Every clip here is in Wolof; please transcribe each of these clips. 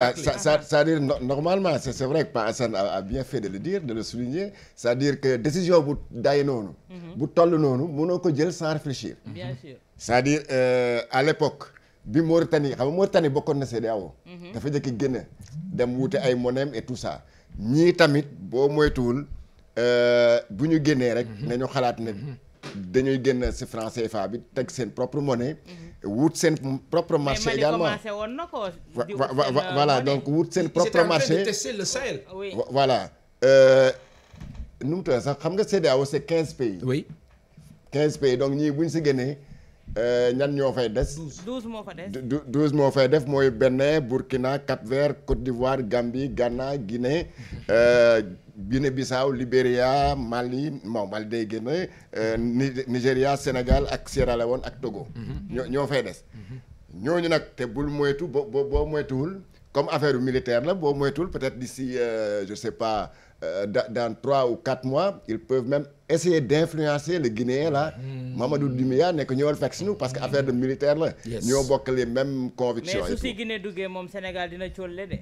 Ah, ça, ça, ça dire normalement c'est, vrai que Pa Assane a, a bien fait de le dire de le souligner cest dire que décision bu day noonu mhm. bu toll noonu mënoo ko jël sans réfléchir mhm. bien sûr dire euh, à l'époque bi Mauritanie xam nga Mauritanie bokkoon na CEDEAO mhm. dafa jëkki génn dem wuute ay monem et tout ça ñii tamit boo moytuwul euh, bu ñu génnee rek nañu xalaat ne dañuy génn si franc CFA bi teg seen propre monnaie. Mhm. wut seen propre marché également euh, voilà donc wut seen propre marché voilà euh, nu mu sax xam nga CEDEAO c'est quinze pays. oui quinze pays donc ñii bu si génnee. Euh, ñan ñoo fay des. douze moo fa des. moo fay def mooy Bénin Burkina Cap-Vert Côte d'Ivoire Gambie Ghana Guinée euh, Guinée-Bissau Libéria Mali bon Mali day génne euh, Nigéria Sénégal ak Sierra Leone ak Togo. Mm-hmm. ñoo ñoo fay des. Mm-hmm. ñooñu nag te bul moytu boo boo moytuwul. comme affaire militaire la boo moytul peut-être d'ici euh, je sais pas euh, dans trois ou quatre mois ils peuvent même essayer d'influencer le Guinéen là mmh. Mamadou Doumbouya nekk ñëwal fekk si ñu parce que affaire de hmm. militaire la ñoo bokk les mêmes convictions mais su si Guinée duggee moom Sénégal dina cóolle de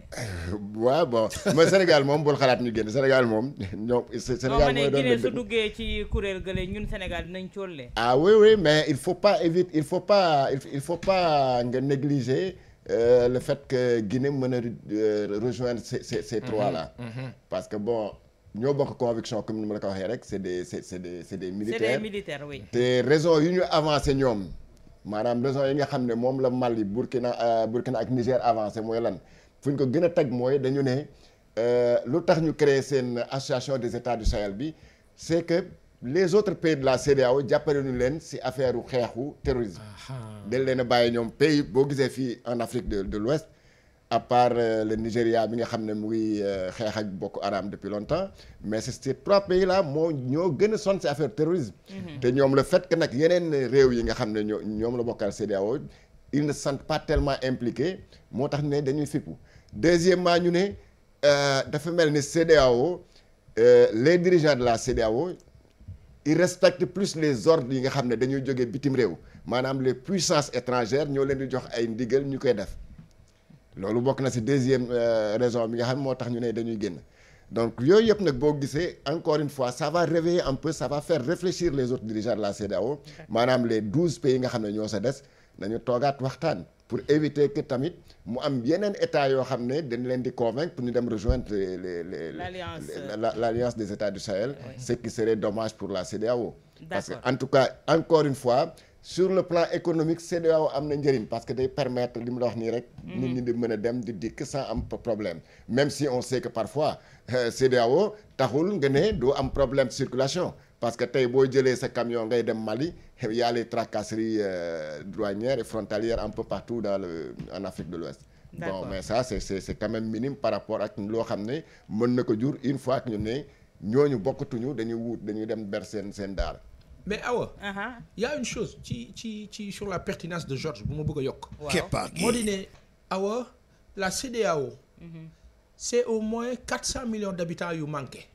waaw bon mais Sénégal moom bul xalaat ñu génn Sénégal moom ñoom Sénégal mooy doon Guinée su duggee ci kuréel gële ñun Sénégal dinañ cóolle ah oui oui mais il faut pas éviter il faut pas il faut pas euh, le fait que Guinée mën a euh, rejoindre ces ces ces mhm, trois mhm. parce que bon ñoo bokk conviction comme ni ma la ko waxee rek c' est des c' est des c' est des militaires c' est te raison yu ñu avancé ñoom maanaam raison yi nga xam ne moom la Mali Burkina euh, Burkina ak Niger avancé mooy lan fu ñu ko gën a teg mooy dañu ne euh, lu tax ñu créer seen association des états du Sahel bi c' que. les autres pays de la CEDEAO jàppale ñu leen si affaire xeexu terrorisme. dañ leen a bàyyi ñoom pays boo gisee fii en Afrique de de l'Ouest à part euh, le Nigéria bi nga xam ne muy ngi euh, xeex ak bokk araam depuis longtemps mais ces trois pays là moo ñoo gën a sonn si affaire terrorisme. Mhm. te ñoom le fait nag yeneen réew yi nga xam ne ñoo ñoom la bokkal CEDEAO ils ne se pas tellement impliqués moo tax ne dañuy fippu deuxièmement ñu ne euh, dafa mel ni CEDEAO les dirigeants de la CEDEAO. il respecte plus les ordres yi nga xam ne dañuy jógee bitim réew maanaam les puissances étrangères ñoo leen di jox ay ndigal ñu koy def loolu bokk na si deuxième euh, raison bi nga xam ne moo tax ñu ne dañuy génn donc yooyu yëpp nag boo gisee encore une fois ça va réveiller un peu ça va faire réfléchir les autres dirigeants de la CEDEAO maanaam les douze pays nga xam ne ñoo sa des nañu toogaat waxtaan pour éviter que tamit mu am yeneen état yoo xam ne dañ leen di convaincre pour ñu dem rejoindre les les les l'alliance des états du Sahel ce qui serait dommage pour la CEDEAO parce que en tout cas encore une fois sur le plan économique CEDEAO am na njëriñ parce que day permettre li mu la wax nii rek mhm. nit ñi di mën a dem di dikk sans am problème même si on sait que parfois euh, CEDEAO taxul nga ne doo am problème de circulation parce que tey boo jëlee sa camion ngay dem Mali eh, y a les tracasseries euh, douanières et frontalières un peu partout dans le en Afrique de l'Ouest bon mais ça c'est c'est c'est quand même minime par rapport ak loo xam ne mën na ko jur une fois que ñu ne ñooñu bokkatuñu dañuy wut dañuy dem ber seen seen daara mais Awa. Uh-huh. y a une chose ci ci ci sur la pertinence de Georges bu ma bëgg a yokk. waaw moo di ne Awa la CEDEAO. Mm-hmm. c'est au moins quatre cent millions d'habitants yu manqué.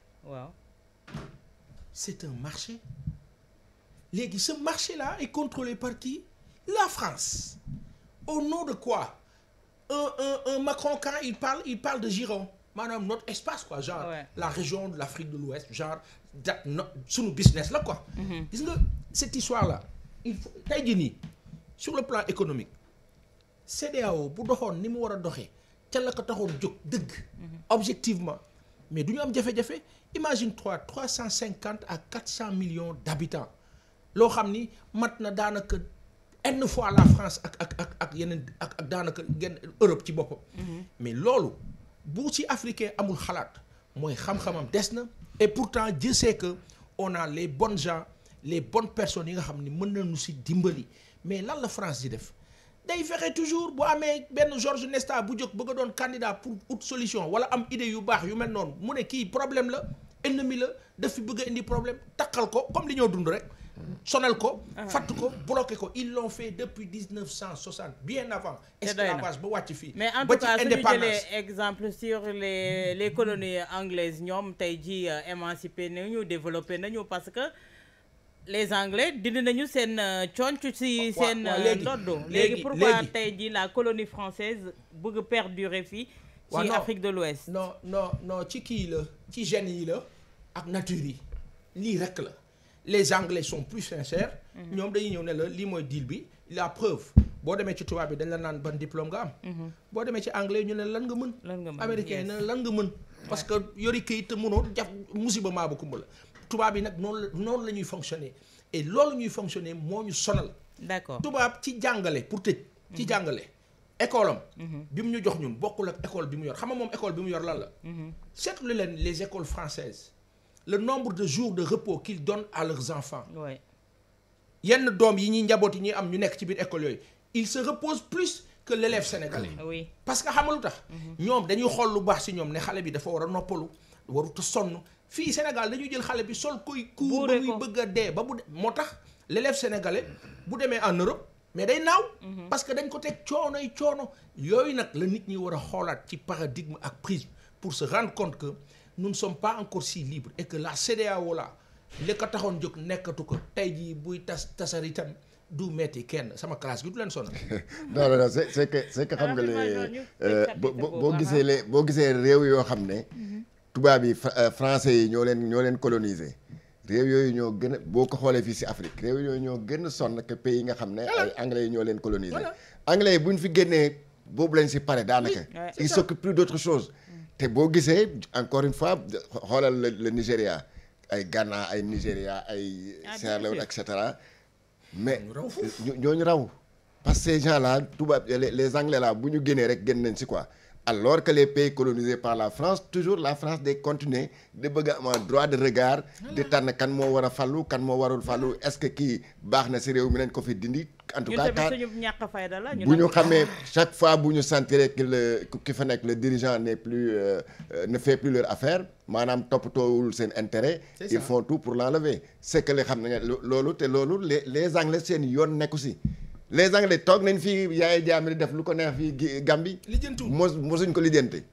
c'est un marché léegi ce marché-là est contrôlé par qui la France au nom de quoi un un un Macron quand il parle il parle de giron maanaam notre espace quoi genre ouais. la région de l'Afrique de l'Ouest genre dat no suñu business la quoi mhm. gis mm nga -hmm. cette histoire-là il faut tey jii sur le plan économique CEDEAO bu doxoon ni mu war a doxee ca la ko taxoon jóg dëgg mhm. objectivement mais du ñu am jafe-jafe imagine toi trois cent cinquante à quatre cent millions d'habitants loo xam ni mat na daanaka n fois la France ak ak ak ak yeneen ak ak daanaka genn Europe ci boppam. Mhm. mais loolu bu si africain amul xalaat mooy xam-xamam des na. et pourtant je sais que on a les bonnes gens les bonnes personnes yi nga xam ni mën na nu si dimbali mais lan la France di def. day fexe toujours bu amee benn Georges Nesta bu jóg bëgg a doon candidat pour ut solution wala am idée yu baax yu mel noonu mu ne kii problème la ennemi la daf fi bëgg a indi problème takkal ko comme li ñoo dund rek sonal ko ah. fat ko bloqué ko ils l'ont fait depuis 1960 bien avant esclavage ba wàcc fii mais en tout cas suñu jëlee exemple sur les les colonies anglaises ñoom tey ji euh, émancipé nañu développé nañu parce que les anglais dindi nañu seen euh, conc ci seen euh, ndodd léegi pourquoi tey jii la colonie française bëgg perdurer fii ci Afrique de l'Ouest non non non ci kii la ci gènes yi la ak nature yi lii rek la les anglais sont plus sincères mhm. ñoom dañuy ñëw ne la lii mooy deal bi la preuve boo demee ci tubaab bi dañ la naan ban diplôme nga am mhm. boo demee ci anglais ñu ne lan nga mën américain yi ne lan nga mën parce que yori këyit mënoo jaf musiba maa bu kumba la tubaab yi nag noonu la noonu la ñuy fonctionner et loolu ñuy fonctionner moo ñu sonal. d'accord tubaab ci jàngale pour tëj. ci mhm. jàngale école am. Mhm. bi mu ñu jox ñun bokkul ak école bi mu yor xam nga moom école bi mu yor lan la. Mhm. seetlu leen les écoles françaises le nombre de jours de repos qu'ils donnent à leurs enfants. yenn doom yi ñuy njaboot yi ñuy am ñu nekk ci biir école yooyu ils se reposent plus que l'élève sénégalais. Ah parce que xam lu tax. ñoom dañuy xool lu baax si ñoom ne xale bi dafa war a noppalu warut a fii Sénégal dañuy jël xale bi sol koy kuur ba muy bëgg a dee ba mu de moo tax l'élève sénégalais bu demee en Europe mais day naaw mhm. parce que dañ ko teg coono coono yooyu nag la nit ñi war a xoolaat ci paradigme ak prisme pour se rendre compte que nous ne sommes pas encore si libres et que la CEDEAO la li ko taxoon jóg nekkatu ko tey jii buy tas tasar itam du metti kenn sama classe bi du leen sonal. non non non c'est que xam nga les euh, boo gisee les boo gisee réew yoo xam ne. tubaab yi euh, français yi ñoo leen ñoo leen colonisé réew yooyu ñoo gën boo ko xoolee fii si Afrique réew yooyu ñoo gën son nag que pays yi nga xam ne ay anglais yi ñoo leen colonisé anglais yi bu ñu fi génnee boobu lañ si pare daanaka ils s'occupent plus d'autre chose mm. te boo gisee encore une fois xoolal le Nigéria ay Ghana ay Nigéria ay ah, Sierra Leone et cetera mais ñooñu raw parce que ces gens là tubaab les anglais là bu ñu génnee rek génn nañ si quoi alors que les pays colonisés par la France toujours la France day continuer di bëgg a am droit de regard di tànn kan moo war a kan moo warul fàllu est-ce que kii baax na si réew mi nañ ko fi dindi en tout cas bu ñu xamee chaque fois bu ñu sentir que le ki fa nekk le dirigeant n'est plus euh, ne fait plus leur affaire maanaam toppatoowul seen intérêt ils font tout pour l'enlever c'est que xam na loolu te loolu les les anglais seen yoon nekku si les anglais toog nañ fi yaay jaam def lu ko neex fii Gambie. lijjantu mos mosuñ ko lijjanti.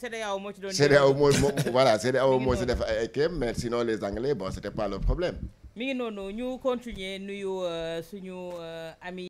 CEDEAO moo ci doon. CEDEAO moo moo voilà moo si def ay kéem mais sinon les anglais bon c'était pas le problème. mi ngi noonu ñu continuer nuyu euh, suñu euh, ami.